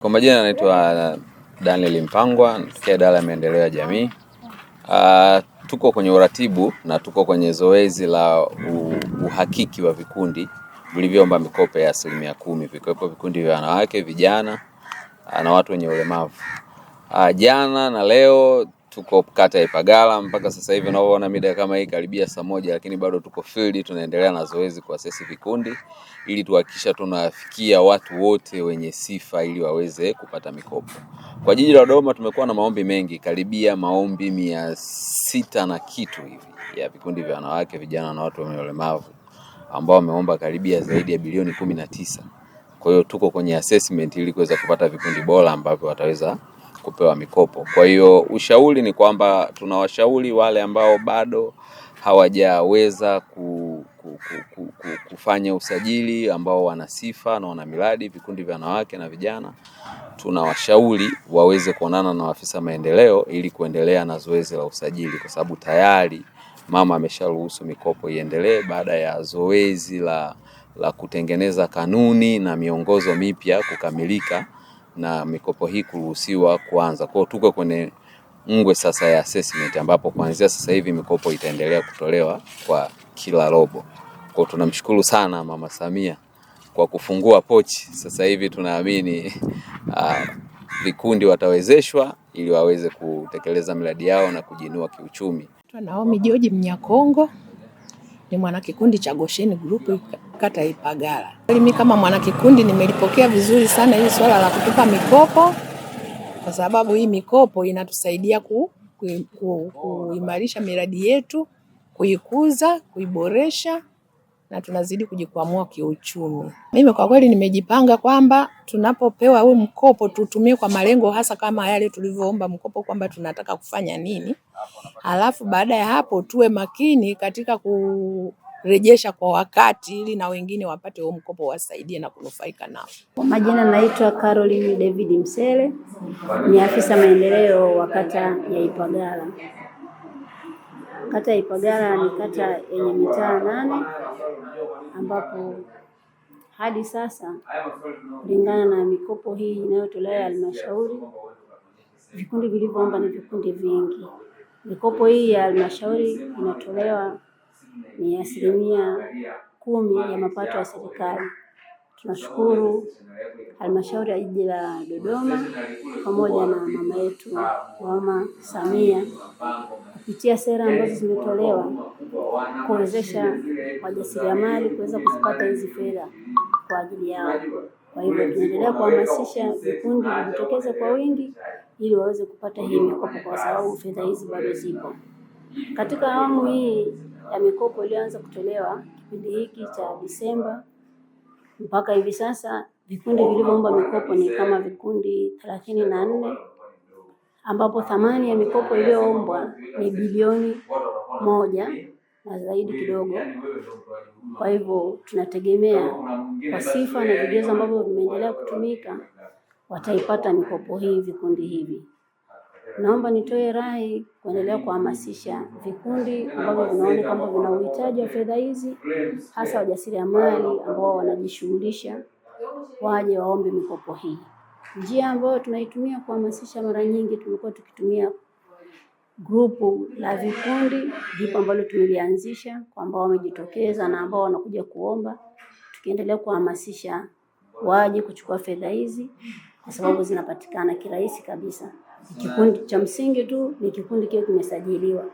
Kwa majina anaitwa Daniel Mpangwa, natokea idara ya maendeleo ya jamii. Uh, tuko kwenye uratibu na tuko kwenye zoezi la uhakiki wa vikundi vilivyoomba mikopo ya asilimia kumi, vikiwepo vikundi vya wanawake, vijana ah, na watu wenye ulemavu. Uh, jana na leo tuko kata ya Ipagala mpaka sasa hivi unaoona mida kama hii karibia saa moja, lakini bado tuko field, tunaendelea na zoezi kwa sisi vikundi ili tuhakikisha tunafikia watu wote wenye sifa ili waweze kupata mikopo. Kwa jiji la Dodoma tumekuwa na maombi mengi, karibia maombi mia sita na kitu hivi ya vikundi vya wanawake, vijana na watu wenye ulemavu ambao wameomba karibia zaidi ya bilioni kumi na tisa. Kwa hiyo tuko kwenye assessment ili kuweza kupata vikundi bora ambavyo wataweza kupewa mikopo. Kwa hiyo ushauri ni kwamba tunawashauri wale ambao bado hawajaweza ku, ku, ku, ku, kufanya usajili ambao wana sifa na wana miradi, vikundi vya wanawake na vijana, tunawashauri waweze kuonana na afisa maendeleo ili kuendelea na zoezi la usajili, kwa sababu tayari mama amesharuhusu mikopo iendelee baada ya zoezi la, la kutengeneza kanuni na miongozo mipya kukamilika na mikopo hii kuruhusiwa kuanza. Kwa hiyo tuko kwenye ngwe sasa ya assessment, ambapo kuanzia sasa hivi mikopo itaendelea kutolewa kwa kila robo. Kwa hiyo tunamshukuru sana Mama Samia kwa kufungua pochi. Sasa hivi tunaamini ah, vikundi watawezeshwa ili waweze kutekeleza miradi yao na kujiinua kiuchumi. Naomi George Mnyakongo ni mwanakikundi cha Gosheni Group kata Ipagala. Mimi kama mwanakikundi nimelipokea vizuri sana hii swala la kutupa mikopo, kwa sababu hii mikopo inatusaidia kuimarisha ku, ku, ku miradi yetu, kuikuza, kuiboresha na tunazidi kujikwamua kiuchumi. Mimi kwa kweli nimejipanga kwamba tunapopewa huu mkopo tutumie kwa malengo hasa kama yale tulivyoomba mkopo kwamba tunataka kufanya nini, halafu baada ya hapo tuwe makini katika ku, rejesha kwa wakati, ili na wengine wapate huo mkopo, wasaidie na kunufaika nao. Kwa majina, naitwa Caroline David Msele, ni afisa maendeleo wa kata ya Ipagala. Kata ya Ipagala ni kata yenye mitaa nane ambapo hadi sasa kulingana na mikopo hii inayotolewa ya halmashauri, vikundi vilivyoomba ni vikundi vingi. Mikopo hii ya halmashauri inatolewa ni asilimia kumi ya mapato ya serikali. Tunashukuru halmashauri ya jiji la Dodoma pamoja na mama yetu Mama Samia kupitia sera ambazo zimetolewa kuwezesha wajasiriamali kuweza kuzipata hizi fedha kwa ajili yao. Kwa hivyo tunaendelea kuhamasisha vikundi vijitokeze kwa wingi ili waweze kupata hii mikopo, kwa sababu fedha hizi bado zipo katika awamu hii ya mikopo iliyoanza kutolewa kipindi hiki cha Disemba mpaka hivi sasa, vikundi vilivyoomba mikopo ni kama vikundi thelathini na nne ambapo thamani ya mikopo iliyoombwa ni bilioni moja na zaidi kidogo. Kwa hivyo tunategemea kwa sifa na vigezo ambavyo vimeendelea kutumika wataipata mikopo hii vikundi hivi. Naomba nitoe rai kuendelea kuhamasisha vikundi ambavyo vinaona kwamba vina uhitaji wa fedha hizi, hasa wajasiriamali ambao wanajishughulisha, waje waombe mikopo hii. Njia ambayo tunaitumia kuhamasisha, mara nyingi tumekuwa tukitumia grupu la vikundi, jipo ambalo tumelianzisha kwa ambao wamejitokeza na ambao wanakuja kuomba, tukiendelea kuhamasisha waje kuchukua fedha hizi, kwa sababu zinapatikana kirahisi kabisa. Kikundi cha msingi tu ni kikundi kile kimesajiliwa.